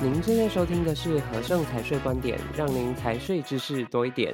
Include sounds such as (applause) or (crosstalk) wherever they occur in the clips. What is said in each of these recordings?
您正在收聽的是荷盛財稅觀點，讓您財稅知識多一點。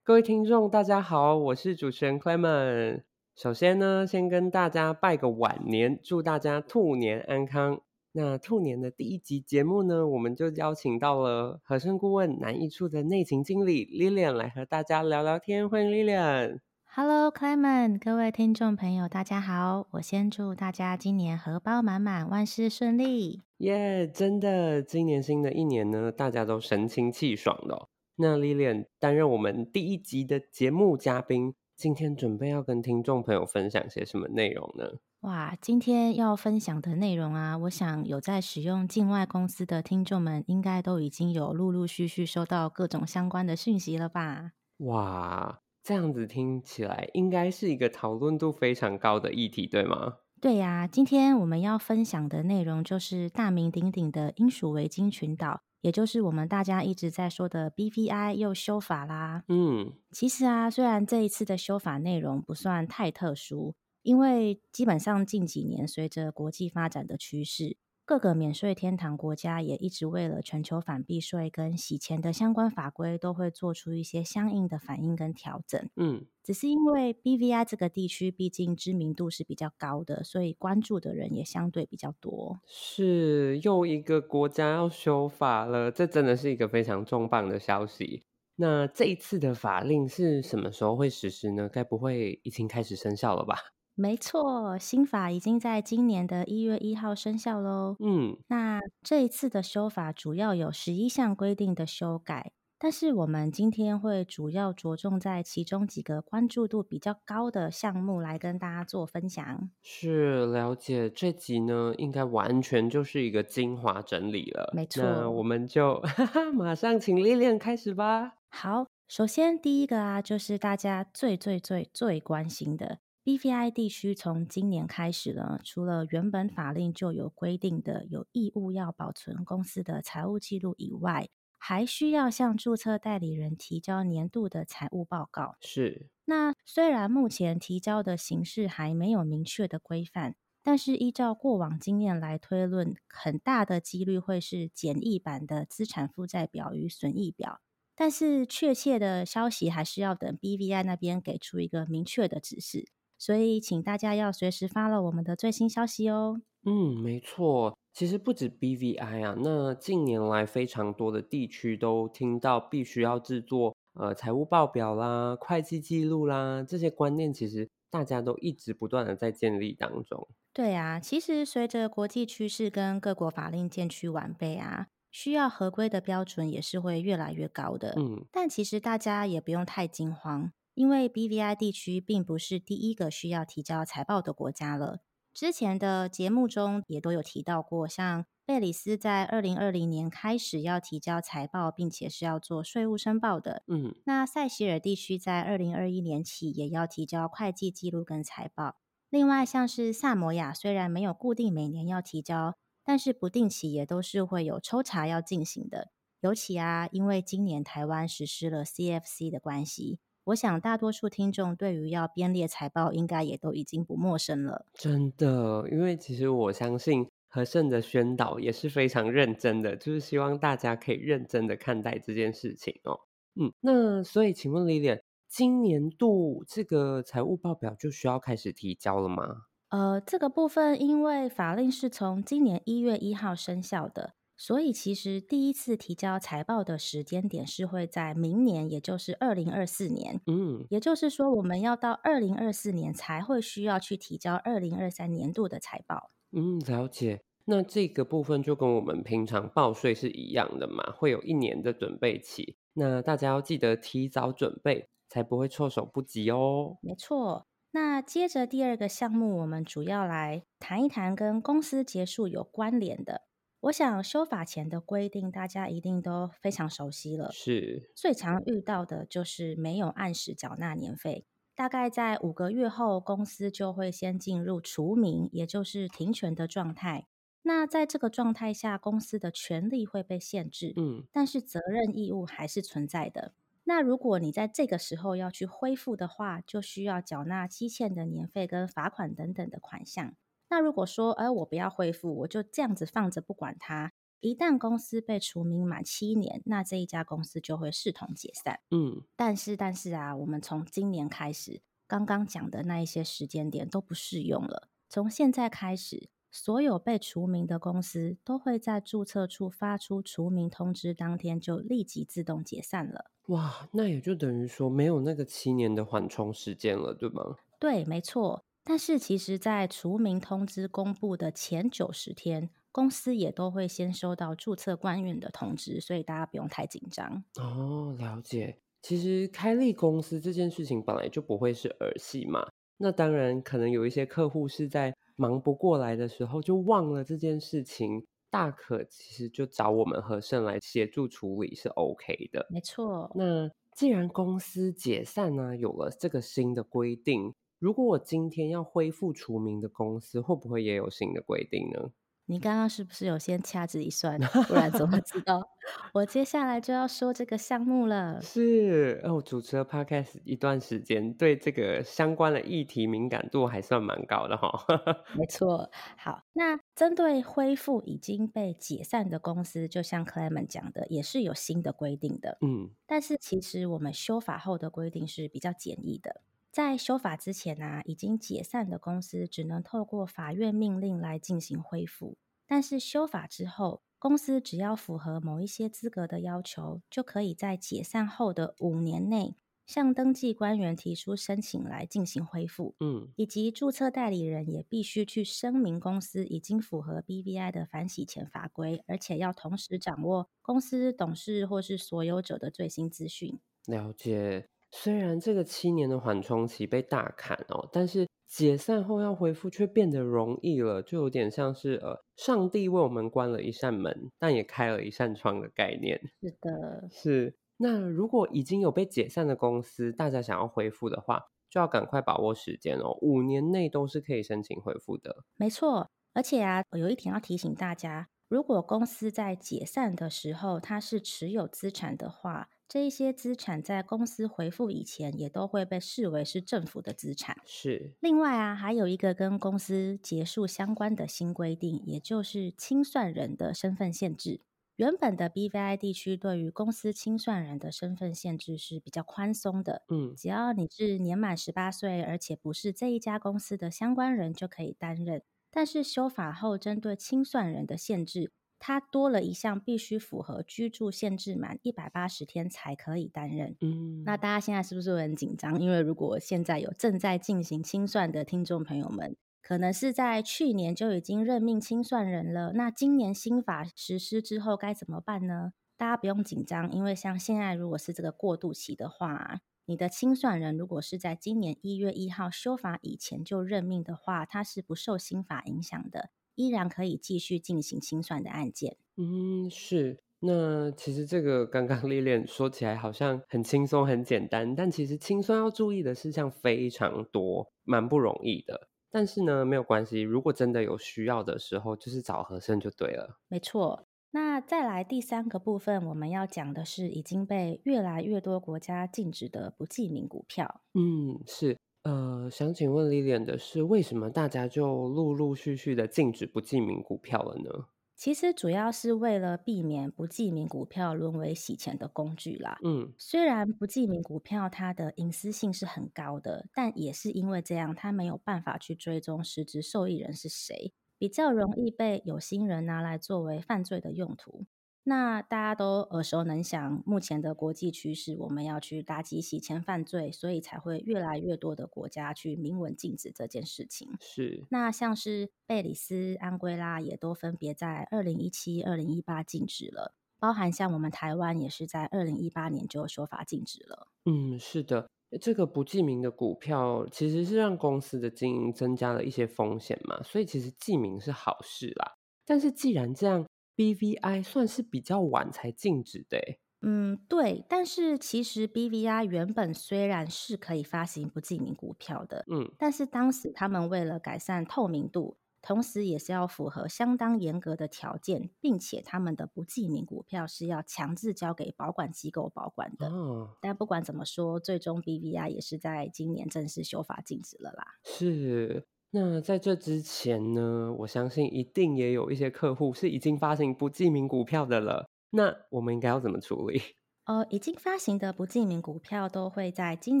各位聽眾，大家好，我是主持人 Clement。首先呢，先跟大家拜個晚年，祝大家兔年安康。那兔年的第一集節目呢，我們就邀請到了荷盛顧問南一處的內勤經理 Lillian 來和大家聊聊天，歡迎 Lillian。Hello，e n 們，Clement，各位聽眾朋友，大家好！我先祝大家今年荷包滿滿，萬事順利。耶，yeah，真的，今年新的一年呢，大家都神清氣爽的哦。那 Lilian 擔任我們第一集的節目嘉賓，今天準備要跟聽眾朋友分享些什麼內容呢？哇，今天要分享的內容啊，我想有在使用境外公司的聽眾們，應該都已經有陸陸續續收到各種相關的訊息了吧？哇。這樣子聽起來應該是一個討論度非常高的議題，對嗎？對呀、啊，今天我們要分享的內容就是大名鼎鼎的英屬維京群島，也就是我們大家一直在說的 BVI 又修法啦。嗯，其實啊，雖然這一次的修法內容不算太特殊，因為基本上近幾年隨着國際發展的趨勢。各個免稅天堂國家也一直為了全球反避稅跟洗錢的相關法規，都會做出一些相應的反應跟調整。嗯，只是因為 BVI 這個地區畢竟知名度是比較高的，所以關注的人也相對比較多。是又一個國家要修法了，這真的是一個非常重磅的消息。那這一次的法令是什麼時候會實施呢？該不會已經開始生效了吧？沒錯，新法已經在今年的一月一號生效嘍。嗯，那這一次的修法主要有十一項規定的修改，但是我們今天會主要着重在其中幾個關注度比較高的項目來跟大家做分享。是，了解這集呢，應該完全就是一個精華整理了。沒錯，那我們就哈哈，馬上請 Lillian 開始吧。好，首先第一個啊，就是大家最最最最，最關心的。BVI 地區從今年開始呢，除了原本法令就有規定的有義務要保存公司的財務記錄以外，還需要向註冊代理人提交年度的財務報告。是。那雖然目前提交的形式還沒有明確的規範，但是依照過往經驗來推論，很大的幾率會是簡易版的資產負債表與損益表。但是確切的消息還是要等 BVI 那邊給出一個明確的指示。所以，請大家要隨時 follow 我們的最新消息哦。嗯，沒錯，其實不止 BVI 啊，那近年來非常多的地區都聽到必須要製作呃財務報表啦、會計記錄啦這些觀念，其實大家都一直不斷地在建立當中。對啊，其實隨着國際趨勢跟各國法令漸趨完備啊，需要合規的標準也是會越來越高的。嗯，但其實大家也不用太驚慌。因為 B V I 地區並不是第一個需要提交財報的國家了。之前的節目中也都有提到過，像貝里斯在二零二零年開始要提交財報，並且是要做稅務申報的。嗯，那塞西爾地區在二零二一年起也要提交會計記錄跟財報。另外，像是薩摩亞雖然沒有固定每年要提交，但是不定期也都是會有抽查，要進行的。尤其啊，因為今年台灣實施了 C F C 的關係。我想大多數聽眾對於要編列財報，應該也都已經不陌生了。真的，因為其實我相信荷盛的宣導也是非常認真的，就是希望大家可以認真的看待這件事情哦。嗯，那所以請問 Lillian，今年度這個財務報表就需要開始提交了嗎？呃，這個部分因為法令是從今年一月一號生效的。所以，其實第一次提交財報的時間點是會在明年，也就是二零二四年。嗯，也就是說，我們要到二零二四年才會需要去提交二零二三年度的財報。嗯，了解。那這個部分就跟我們平常報稅是一樣的嘛，會有一年的準備期。那大家要記得提早準備，才不會措手不及哦。沒錯。那接着第二個項目，我們主要來談一談跟公司結束有關聯的。我想修法前的規定，大家一定都非常熟悉了。是，最常遇到的就是沒有按時繳納年費，大概在五個月後，公司就會先進入除名，也就是停權的狀態。那在這個狀態下，公司的權利會被限制，嗯，但是責任義務還是存在的。那如果你在這個時候要去恢復的話，就需要繳納積欠的年費跟罰款等等的款項。那如果說，哎、呃，我不要恢復，我就這樣子放着不管它。一旦公司被除名滿七年，那這一家公司就會視同解散。嗯，但是，但是啊，我們從今年開始，剛剛講的那一些時間點都不適用了。從現在開始，所有被除名的公司都會在註冊處發出除名通知當天就立即自動解散了。哇，那也就等於說沒有那個七年的緩衝時間了，對嗎？對，沒錯。但是，其實，在除名通知公布的前九十天，公司也都會先收到註冊官員的通知，所以大家不用太緊張哦。了解，其實開立公司這件事情本來就不會是兒戲嘛。那當然，可能有一些客戶是在忙不過來的時候就忘了這件事情，大可其實就找我們荷盛來協助處理是 OK 的。沒錯，那既然公司解散呢、啊，有了這個新的規定。如果我今天要恢復除名的公司，會不會也有新的規定呢？你剛剛是不是有先掐指一算？不然怎麼知道？ (laughs) 我接下來就要說這個項目了。是哦，主持了 podcast 一段時間，對這個相關的議題敏感度還算蠻高的哈、哦。 (laughs) 沒錯，好，那針對恢復已經被解散的公司，就像 Clement 講的，也是有新的規定的。嗯，但是其實我們修法後的規定是比較簡易的。在修法之前啊，已經解散的公司只能透過法院命令來進行恢復。但是修法之後，公司只要符合某一些資格的要求，就可以在解散後的五年內向登記官員提出申請來進行恢復。嗯，以及註冊代理人也必須去聲明公司已經符合 BVI 的反洗錢法規，而且要同時掌握公司董事或是所有者的最新資訊。了解。雖然這個七年的緩衝期被大砍哦，但是解散後要恢復卻變得容易了，就有點像是呃，上帝為我們關了一扇門，但也開了一扇窗的概念。是的，是。那如果已經有被解散的公司，大家想要恢復的話，就要趕快把握時間哦，五年內都是可以申請恢復的。沒錯，而且啊，我有一點要提醒大家，如果公司在解散的時候，它是持有資產的話。這一些資產在公司恢復以前，也都會被視為是政府的資產。是。另外啊，還有一個跟公司結束相關的新規定，也就是清算人的身份限制。原本的 BVI 地區對於公司清算人的身份限制是比較寬鬆的，嗯，只要你是年滿十八歲，而且不是這一家公司的相關人就可以擔任。但是修法後，針對清算人的限制。它多了一項，必須符合居住限制滿一百八十天才可以擔任。嗯，那大家現在是不是很緊張？因為如果現在有正在進行清算的聽眾朋友們，可能是在去年就已經任命清算人了。那今年新法實施之後該怎麼辦呢？大家不用緊張，因為像現在如果是這個過渡期的話啊，你的清算人如果是在今年一月一號修法以前就任命的話，他是不受新法影響的。依然可以繼續進行清算的案件。嗯，是。那其實這個剛剛歷練，說起來好像很輕鬆、很簡單，但其實清算要注意的事項非常多，蠻不容易的。但是呢，沒有關係，如果真的有需要的時候，就是找荷盛就對了。沒錯。那再來第三個部分，我們要講的是已經被越來越多國家禁止的不記名股票。嗯，是。呃，想請問 Lillian 的是，為什麼大家就陸陸續續的禁止不記名股票了呢？其實主要是為了避免不記名股票淪為洗錢的工具啦。嗯，雖然不記名股票它的隱私性是很高的，但也是因為這樣，它沒有辦法去追蹤實質受益人是誰，比較容易被有心人拿來作為犯罪的用途。那大家都耳熟能詳，目前的國際趨勢，我們要去打擊洗錢犯罪，所以才會越來越多的國家去明文禁止這件事情。是，那像是貝里斯、安圭拉也都分別在二零一七、二零一八禁止了，包含像我們台灣也是在二零一八年就有說法禁止了。嗯，是的，這個不記名的股票其實是讓公司的經營增加了一些風險嘛，所以其實記名是好事啦。但是既然這樣。BVI 算是比較晚才禁止的，欸，嗯，對。但是其實 BVI 原本雖然是可以發行不記名股票的，嗯，但是當時他們為了改善透明度，同時也是要符合相當嚴格的條件，並且他們的不記名股票是要強制交給保管機構保管的。嗯，但不管怎麼說，最終 BVI 也是在今年正式修法禁止了啦。是。那在這之前呢，我相信一定也有一些客戶是已經發行不記名股票的了。那我們應該要怎麼處理？呃，已經發行的不記名股票都會在今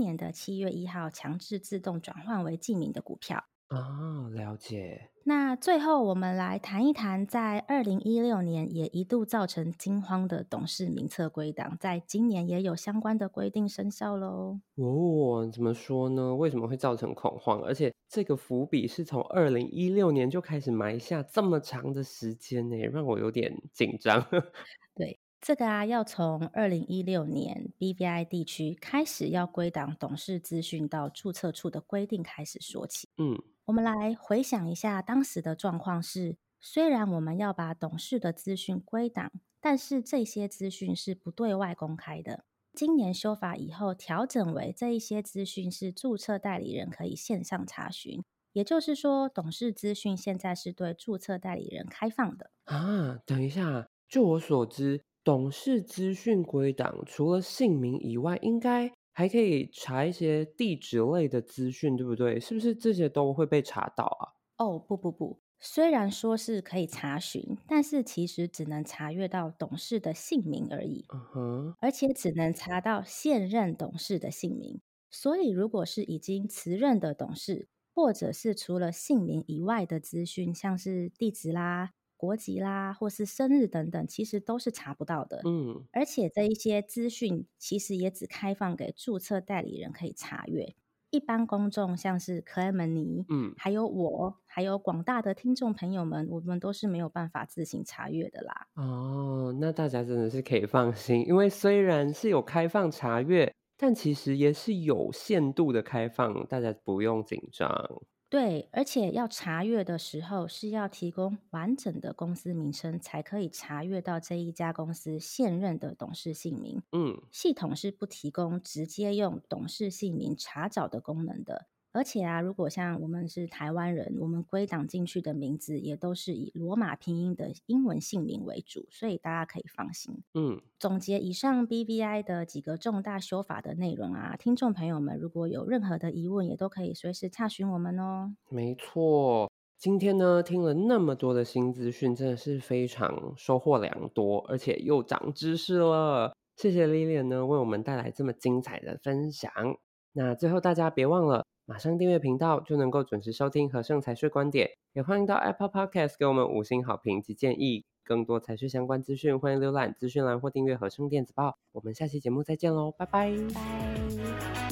年的七月一號強制自動轉換為記名的股票。啊，了解。那最後我們來談一談，在二零一六年也一度造成驚慌的董事名冊歸檔，在今年也有相關的規定生效嘍。哦，怎麼說呢？為什麼會造成恐慌？而且這個伏筆是從二零一六年就開始埋下，這麼長的時間呢、欸，讓我有點緊張。 (laughs) 對，這個啊，要從二零一六年 BVI 地區開始要歸檔董事資訊到注冊處的規定開始說起。嗯。我們來回想一下當時的狀況是，雖然我們要把董事的資訊歸檔，但是這些資訊是不對外公開的。今年修法以後，調整為這一些資訊是註冊代理人可以線上查詢，也就是說，董事資訊現在是對註冊代理人開放的。啊，等一下，就我所知，董事資訊歸檔除了姓名以外，應該。還可以查一些地址類的資訊，對不對？是不是這些都會被查到啊？哦，oh, 不不不，雖然說是可以查詢，但是其實只能查閱到董事的姓名而已，uh huh. 而且只能查到現任董事的姓名。所以，如果是已經辭任的董事，或者是除了姓名以外的資訊，像是地址啦。國籍啦，或是生日等等，其實都是查不到的。嗯，而且這一些資訊其實也只開放給注冊代理人可以查閱，一般公眾像是可愛們你，嗯，還有我，還有廣大的聽眾朋友們，我們都是沒有辦法自行查閱的啦。哦，那大家真的是可以放心，因為雖然是有開放查閱，但其實也是有限度的開放，大家不用緊張。對，而且要查閱的時候是要提供完整的公司名稱，才可以查閱到這一家公司現任的董事姓名。嗯，系統是不提供直接用董事姓名查找的功能的。而且啊，如果像我們是台灣人，我們歸檔進去的名字也都是以羅馬拼音的英文姓名為主，所以大家可以放心。嗯，總結以上 BVI 的幾個重大修法的內容啊，聽眾朋友們如果有任何的疑問，也都可以隨時查詢我們哦。沒錯，今天呢，聽了那麼多的新資訊，真的是非常收穫良多，而且又長知識了。謝謝 Lillian 呢為我們帶來這麼精彩的分享。那最後大家別忘了。馬上訂閱頻道就能夠準時收聽和盛財稅觀點，也歡迎到 Apple Podcast 給我們五星好評及建議。更多財稅相關資訊，歡迎瀏覽資訊欄或訂閱和盛電子報。我們下期節目再見嘍，拜拜。